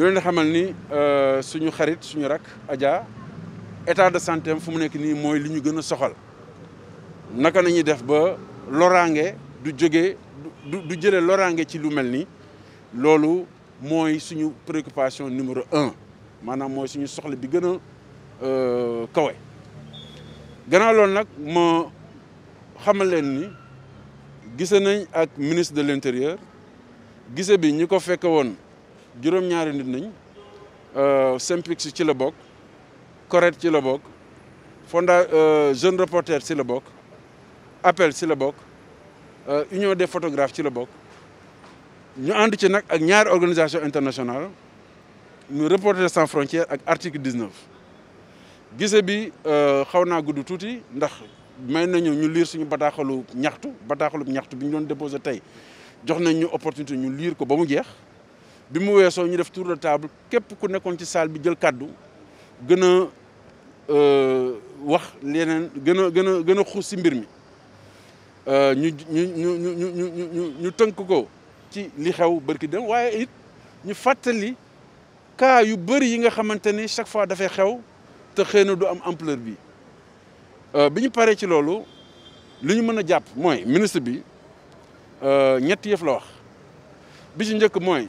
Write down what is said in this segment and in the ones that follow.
ñu leen xamal ni euh, suñu xarit suñu rak Adja état de santé fu mu nekk nii mooy li ñu gën a soxal naka nañuy def ba loraange du jóge du du loraange ci lu mel ni loolu mooy suñu préoccupation numéro un maanaam mooy suñu soxla bi gën a euh, kawe. gannaaw loolu nag ma xamal leen ni gise nañ ak ministre de l'intérieur gise bi ñi ko fekk woon. juróom-ñaari nit nañ euh, Simpix ci la bok Corrède ci la bok Fonda euh Jeune Reporter ci la bok Appel ci la euh Union des photographes ci la bok ñu and ci nak ak ñaar organisation internationale ñu Reporters sans frontières ak article 19 gisé bi euh xawna gudd touti ndax may nañu ñu lire suñu bataxalu ñaxtu bataxalu ñaxtu biñu ñu déposer tay tey jox nañ ñu opportunité ñu lire ko ba mu jeex bi mu weesoo ñu def tour de table képp ku nekkoon ci salle bi jël kàddu gën a euh, wax leneen gën a gën a gën a xuus si mbir mi euh, ñu ñu ñu ñu ñu ñu tënk ko ci li xew bërki dem waaye it ñu fàttali cas yu bëri yi nga xamante ni chaque fois dafay xew te xëy na du am ampleur bi euh, bi ñu paree ci loolu li ñu mën a jàpp mooy ministre bi ñetti yëf la wax bi ci njëkk mooy.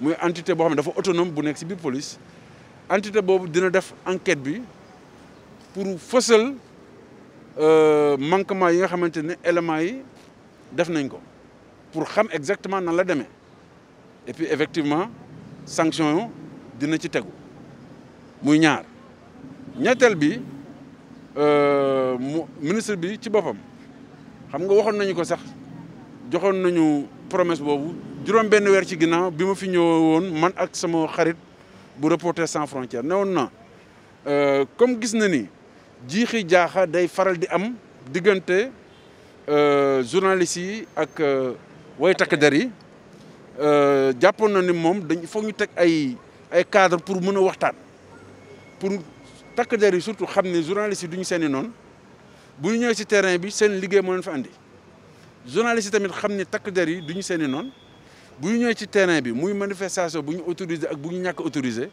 muy entité boo xam ne dafa autonome bu nekk ci biir police entité boobu dina def enquête bi pour fësal euh, manquement yi nga xamante ne éléments yi def nañ ko pour xam exactement nan la demee et puis effectivement sanction yu dina ci tegu muy ñaar ñetteel bi euh, mu ministre bi ci boppam xam nga waxoon nañu ko sax joxoon nañu promesse boobu juróom benn weer ci ginnaaw bi ma fi ñëwoon man ak sama xarit bu Reporters sans ne woon na euh, comme gis na ni jiixi jaaxa day faral di am diggante euh, journalistes yi ak euh, way takk der yi jàppoon na ni moom dañ foog ñu teg ay ay cadre pour mën a waxtaan pour takk der yi surtout xam ne journalistes yi duñu seeni noonu bu ñu ñëwee si terrain bi seen liggéey moo leen fa andi journalistes yi tamit xam ni takk der yi duñu seeni noonu bu ñu ñëwee ci terrain bi muy manifestation bu ñu autorisé ak bu ñu ñàkk autorisé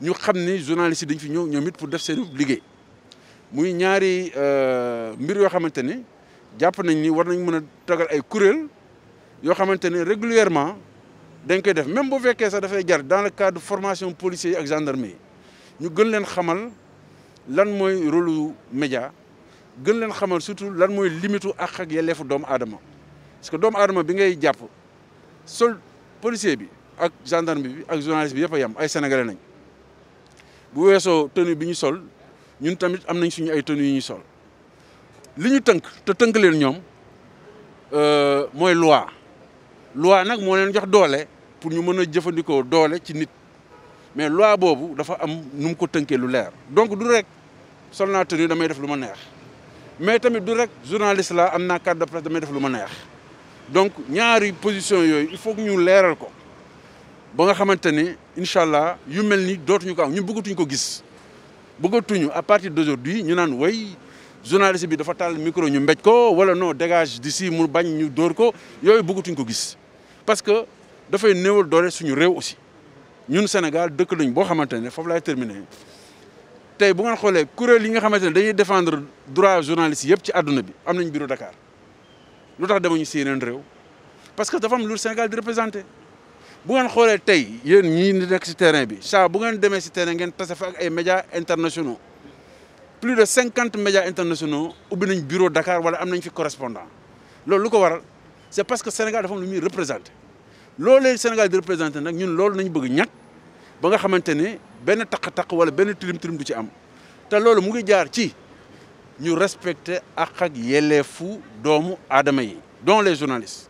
ñu xam ni journaliste dañu fi ñëw ñoom it pour def seen liggéey muy ñaari euh, mbir yoo xamante ni jàpp nañ ni war nañ mën a tagal ay kuréel yoo xamante ni régulièrement dañ koy def même bu fekkee sax dafay jar dans le cadre formation policiers ak gendarmerie yi ñu gën leen xamal lan mooy rôle lu média gën leen xamal surtout lan mooy limitu àq ak yelleefu doomu aadama parce que doomu aadama bi ngay sol policier bi ak gendarme bi ak journaliste bi yëpp a yem ay sénégalais nañ bu weesoo tenue bi ñu sol ñun tamit am nañ suñu ay tenue yu ñu sol li ñu tënk te tënk leen ñoom euh, mooy loi loi nag moo leen jox doole pour ñu mën a jëfandikoo doole ci nit mais loi boobu dafa am nu mu ko tënkee lu leer donc du rek sol naa tenue damay def lu ma neex mais tamit du rek journaliste la am naa carte de presse damay def lu ma neex donc ñaari position yoy il faut que ñu léral ko ba nga xamanteni inshallah yu melni ni dootuñu ko am ñu bëggatuñu ko gis bëggatuñu à partir d'aujourd'hui ñu naan way journaliste bi dafa taal micro ñu mbéj ko wala non dégage d'ici mu bañ ñu dóor ko yooyu bëggatuñu ko gis parce que fay néwul doole suñu réew aussi ñun Sénégal dëkk lañ bo xamanteni fofu lay terminer tay bu nga xolé kuréel yi nga xamanteni dañuy défendre droit journaliste yépp ci aduna bi am nañ bureau Dakar nous avons parce que dafa am Sénégal Si représenté bu ngeen avez des nekk terrain si vous médias internationaux plus de 50 médias internationaux ont nañ bureau Dakar wala un correspondant c'est parce que le Sénégal représente am Sénégal. le représenté Sénégal représente, représenté que ñun loolu nañ bëgg ñàkk ba nga xamante des benn taq-taq wala benn tilim nous respectons les fous, de dont les journalistes